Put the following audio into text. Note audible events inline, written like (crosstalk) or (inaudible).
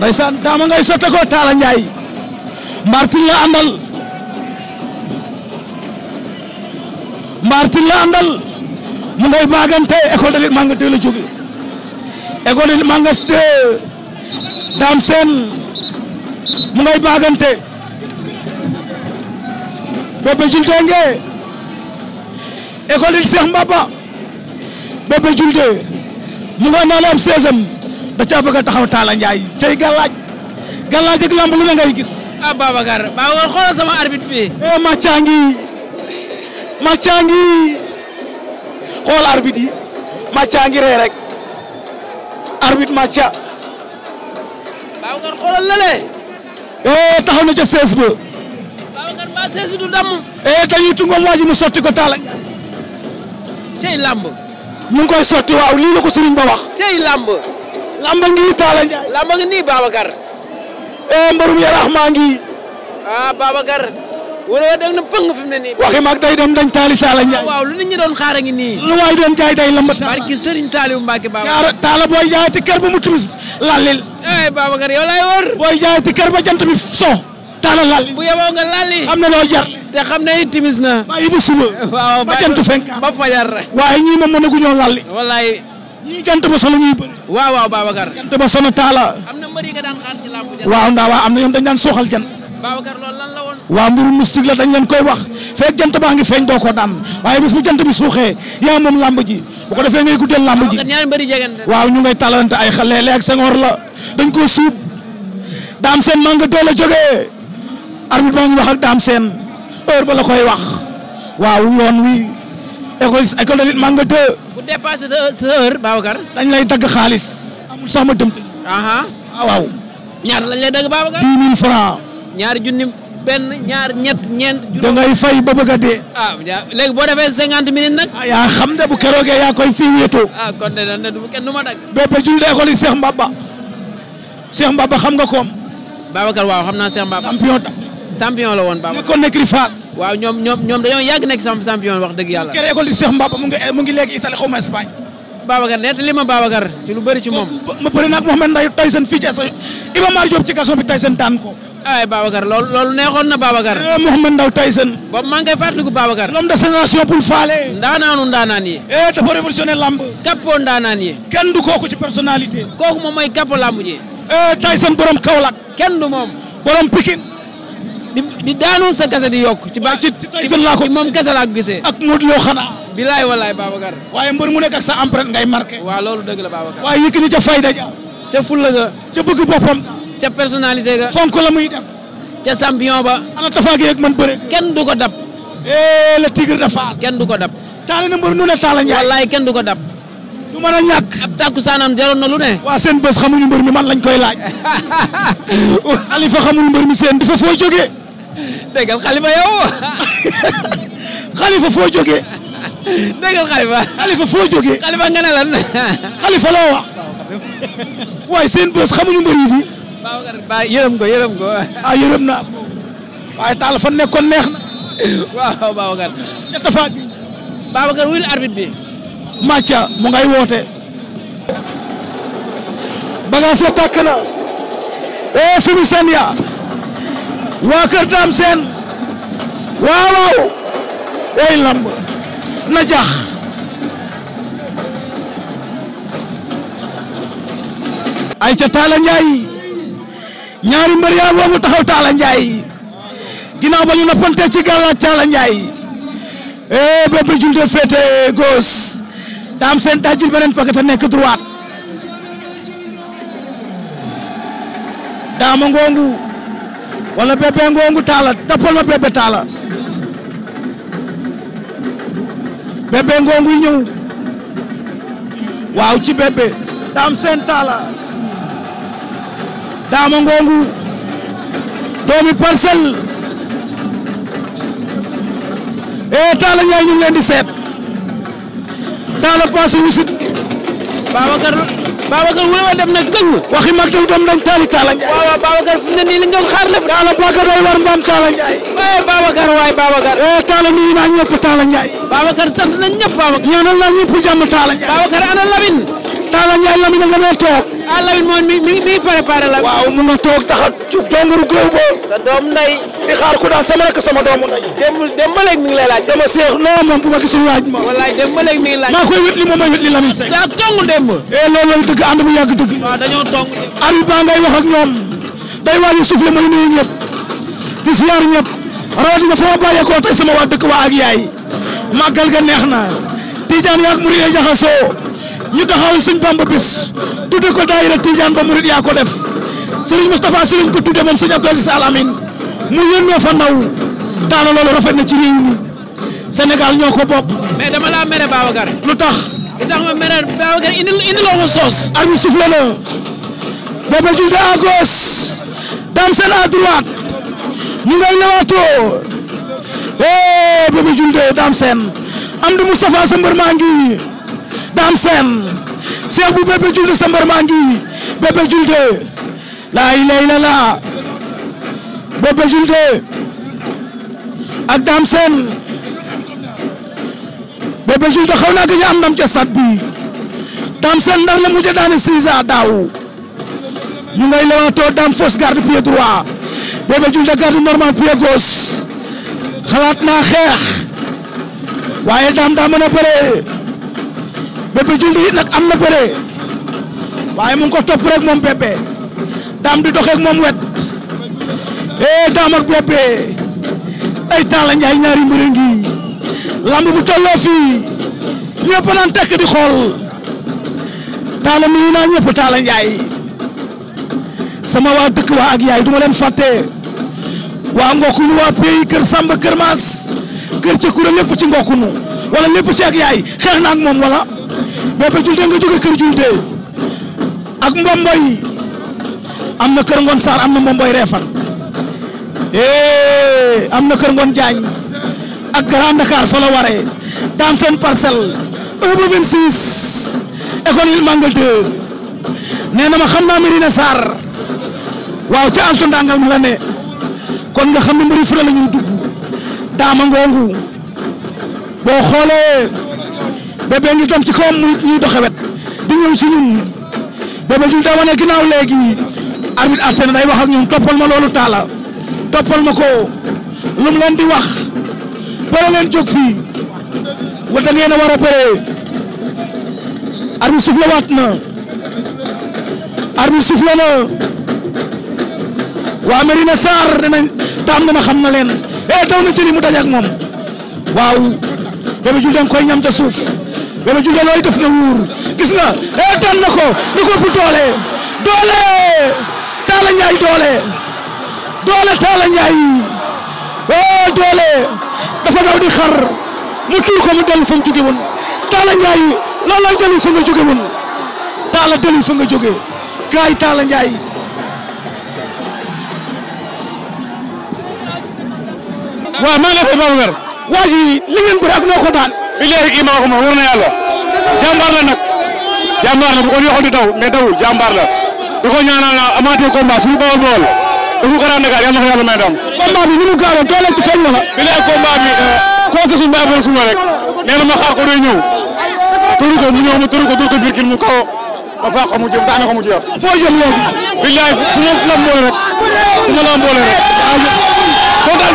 ndaysaan daama ngay sotte ko Talla Ndiaye mbaartin la àndal mbaartin la àndal mu ngay maagante école de lutte manga te la jóge école de lutte manga de Dame Sène mu ngay maagante Bébé Julde nge école de lutte Cheikh Mbaba Bébé Julde mu nga naalam 16e da caa bëgg taxaw Talla Ndiaye cay gàllaaj lamb lu ne ngay gis. ah Babacar ba war xoolal sama arbitre bi. eh Macha ngi Macha ngi xool arbitre yi Macha ngi ree rek arbitre Macha. Babacar xoolal lale. eh taxaw na ca sees ba. Babacar ba sees eh, mu sotti ko Talla. cey lamb. ñu koy sotti waaw lii la ko Serigne Ba wax. cey lamb. lamba ngi Talla Ndiaye. lamba ngi nii Babacar. eh mbërum yaraax maa ngi. ah Babacar. wala da na pëng fi mu ne nii. waxi mag day dem xaar ngi nii. lu waay doon jaay day lamba. Talla barki Serigne Saliou Mbacke Babacar. ñaar Talla booy jaay te kër ba mu timis lalil. Eh, booy jaay te kër ba jant bi so. Talla lalil bu na loo jar. te xam ne timis na. bàyyi ba suba. ba jant fenk. ba fajar. waaye ñii moom mënaguñoo lalil. ñii jant ba solo ñuy bëri. waaw waaw Babacar. jant ba solo taala. am na mbër yi nga daan xaar ci làmb jant. waaw ndaa waaw am na ñoom dañ daan sooxal jant. Babacar loolu lan la woon. waaw mbiru mystique la dañ leen koy wax fekk jant baa ngi feeñ doo ko daan waaye bis bu jant bi suuxee yaa moom làmb ji bu ko defee ngay guddeel làmb ji. waaw ñu ngay talante ay xale léeg Senghor la dañ koo suub daam seen maa nga dool a jógee arbitre baa ngi wax ak daam seen ba la koy wax waaw yoon wi. école école de lutte Manga 2. bu dépassé sa heure Babacar. dañ lay dagg xaalis. amul sax ma dëmt. ah waaw. ñaar lañ lay dagg Babacar. 10 000 francs. ñaari junni benn ñaar ñet ñeent. da ngay fay ba bëgg a dee. Ah, boo defee cinquante minutes nag. ah yaa xam ne bu keroogee yaa koy fii wéetoo. ah kon de dañ ne ma dagg. bépp jullit école seex Cheikh Mbaba. Cheikh Mbaba xam nga koom. Babacar waaw xam naa Cheikh Mbaba. champion champion la woon. Baba nekkoon nekk Fass. waaw ñoom ñoom ci moom. ma bëri nag Mouhamed Ndaye fii ci Iba Mar Diop ci kaso bi Tyson daan ko. ay Babacar loolu loolu neexoon na Babacar. Eh, Mouhamed Ndaw Tyson. boobu maa ngi koy fàttaliku Babacar. l'homme de génération pour faale. ndaanaanu ndaanaan yi. eh dafa révolutionné lamb. kappoo ndaanaan yi. kenn du kooku ci personnalité. kooku moom mooy kapp lamb ji. eh Tyson borom kenn du moom. borom Pikine. di di sa kase di yokk. ci ba ci Tyson laa moom kase laa ko gisee. ak Modou Lo xanaa. bilaay walaay Babacar. waaye mbër mu ne ak sa empreinte ngay marqué. waaw loolu dëgg la Babacar. waaye Yékini ca fayda ca fulla ga. ca bëgg boppam. ca personnalité ga. fonk la muy def. ca champion ba. ana Tapha Gueye ak man bëre. kenn du ko dab. Eh, le tigre de Fass. kenn du ko dab. taale na mbër nu ne taala ñaay. wallaay kenn du ko dab. du mën a ñàkk. ab na lu ne. waa seen bés xamuñu mbër mi man lañ koy laaj. (laughs) Alifa xamul mbër mi seen dafa foo jógee. déggal xalifa yow. xalifa foo jógee. déggal xalifa. xalifa foo jógee. xalifa nga ne lan. xalifa loo waaye seen bés xamuñu mbër yi bi. waaw waaw yërëm ko yërëm ko. ah yërëm naa neex na. waaw mu ngay woote. bagage ya na. eh Femi Sania. waa kër Dame Sène waaw waaw way lamb na jax ay ca Talla Ndiaye ñaari mbër yaa ngoogu taxaw Talla Ndiaye ginnaaw ba ñu noppante ci gàllaaj Talla Ndiaye ee Bébé Diouldé féete gauche Dame Sène dajjil beneen paquet nekk droite Dama ngongu wala bébé ngongu taala dappal ma bébé taala bébé ngongu ñëw waaw ci bébé daam seen taala daama ngongu doomi parcelle ee eh, taala ñaay ñu leen di seet taala paasu wisit Babacar Babacar wala dem na gëng waxi mag yow doom dañ taali Talla Ndiaye waaw Babacar fu ne nii lañ doon xaar lépp Talla Bakar day war mbaam Talla Ndiaye waaye eh, Babacar waay Babacar eh Talla nuyu naa ñëpp Talla Ndiaye Babacar sant nañ ñëpp Babacar ñaanal naa ñëpp jàmm Talla Ndiaye Babacar ana Lamine Talla Ndiaye Lamine nga doon toog. ah Lamine moom mi nga toog taxat ci donguru góob sa doom nday di xaar ku daal sama rek sama doomu nday dem dem ba léegi mi ngi lay laaj. sama seex non moom bu ma gisul laaj ma. wallaay dem ba léegi mi ngi laaj. maa koy wétli moom may wétli Lamine Seck. daa tongu dem. eh loolu lañ dëgg ànd bu yàgg dëgg. tongu dem. Habib Ba ngay wax ak ñoom day waaj a suuf la may nuyu ñëpp di siyaar ñëpp rawatina sama ga neex na Tijaan yaak murid ñu taxawal suñ bamba bis tudde ko daayira Tidiane ba murid yaa ko def Serigne Moustapha Sy lañ ko tudde moom Serigne Abdou Aziz Al Amine mu yónnee fa ndaw daana loolu rafet na ci réew mi Sénégal ñoo ko bokk. mais dama laa mere Babacar. lu tax. li tax ma mere Babacar indi indi loo ma soos. arbitre soufflé na. Bébé Diouldé à gauche. Dame Sène à droite. ñu ngay lewaatoo. Eh, Bébé Diouldé Dame Sène. Amdi Moustapha sa mbër maa ngi Dame Sène Cheikh bu Bébé Diouldé sa mbar maa ngi Bébé Diouldé laa ilaha illallah Bébé Diouldé ak Dame Sène Bébé xaw naa gëj am ndam ca sat bi Dame Sène ndar la mujj daane sisa daaw ñu ngay lewaatoo Dame fausse garde pied droit Bébé Diouldé garde normal pied gauche xalaat naa xeex waaye Dame a bëree Bébé Diouldé nag am na bëre waaye mu ko topp rek moom Bébé daam di doxeek moom wet eh daam ak Bébé ay Talla Ndiaye ñaari mbir ngi lamb bu tolloo fii ñëpp tekk di xool Talla nuyu naa ñëpp Talla Ndiaye sama waa dëkk waa ak yaay duma leen fàtte waa Ngokunu waa Pays kër samb kër Maas kër Cekura lépp ci Ngokunu wala lépp ci ak yaay xeex na moom wala. Bébé Diouldé nga jóge kër Diouldé ak Mbomboy am na kër Ngoon Sarr am na Mbomboy Réfane eh am na kër Ngoon Diagne ak Grand Dakar fa la waree daan seen parcelle 1 ba 26 école il mangal 2 nee na ma xam naa Mérina Sarr waaw ca Alto Ndangal ma la kon nga xam ne mbiri fure la ñuy daama ngoongu boo xoolee. bébé ngi jom ci kawam muy ñuy doxe wet di ñëw si ñun bébé jul daa wane ginnaaw léegi arbitre atte na day wax ak ñun toppal ma loolu taala toppal ma ko lu mu leen di wax bëre leen jóg fii wa da a war a bëree arbitre soufflé waat na arbitre soufflé na waa Merina Sarr dinañ taam dama xam na leen eh daw na jëli mu daj ak moom waaw bébé jul da koy ñam ca suuf wala Julia looy def na wuur gis nga eh daan na ko na ko bu doole doole Talla Ndiaye doole doole Talla Ndiaye oh doole dafa daw di xar mu kii ko mu dellu fa mu jóge woon Talla Ndiaye loolu lay fa nga jóge woon Talla dellu fa nga jóge gaay Talla Ndiaye waaw maa ngi lay fay Babacar waa ji li ngeen bëri noo ko daan billahi kii maa ko moom wër na yàlla jàmbaar la nag jàmbaar la bu ko neexoon di daw mais dawul jàmbaar la da ko ñaanal naa amaatee combat suñu bool bool dafa garaat Dakar yàlla na ko yàlla may ndam. bi ni mu gaawee doole ci feeñ la. billahi combat bi conseil suñu baax bëri suñu rek nee na ma xaar ko doy ñëw tëru ko mu ñëw ma tëru ko tëru mu kaw ma faa ko mu jëm daane ko foo jëm loolu. billahi fu ma la